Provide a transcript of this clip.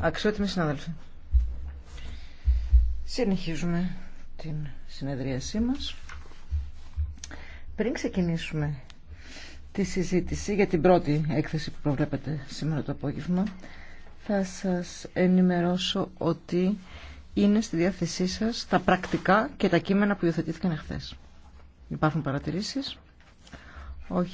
Αξιότιμοι συνάδελφοι. Συνεχίζουμε την συνεδρίασή μας. Πριν ξεκινήσουμε τη συζήτηση για την πρώτη έκθεση που προβλέπετε σήμερα το απόγευμα, θα σας ενημερώσω ότι είναι στη διάθεσή σας τα πρακτικά και τα κείμενα που υιοθετήθηκαν εχθές. Υπάρχουν παρατηρήσεις. Όχι.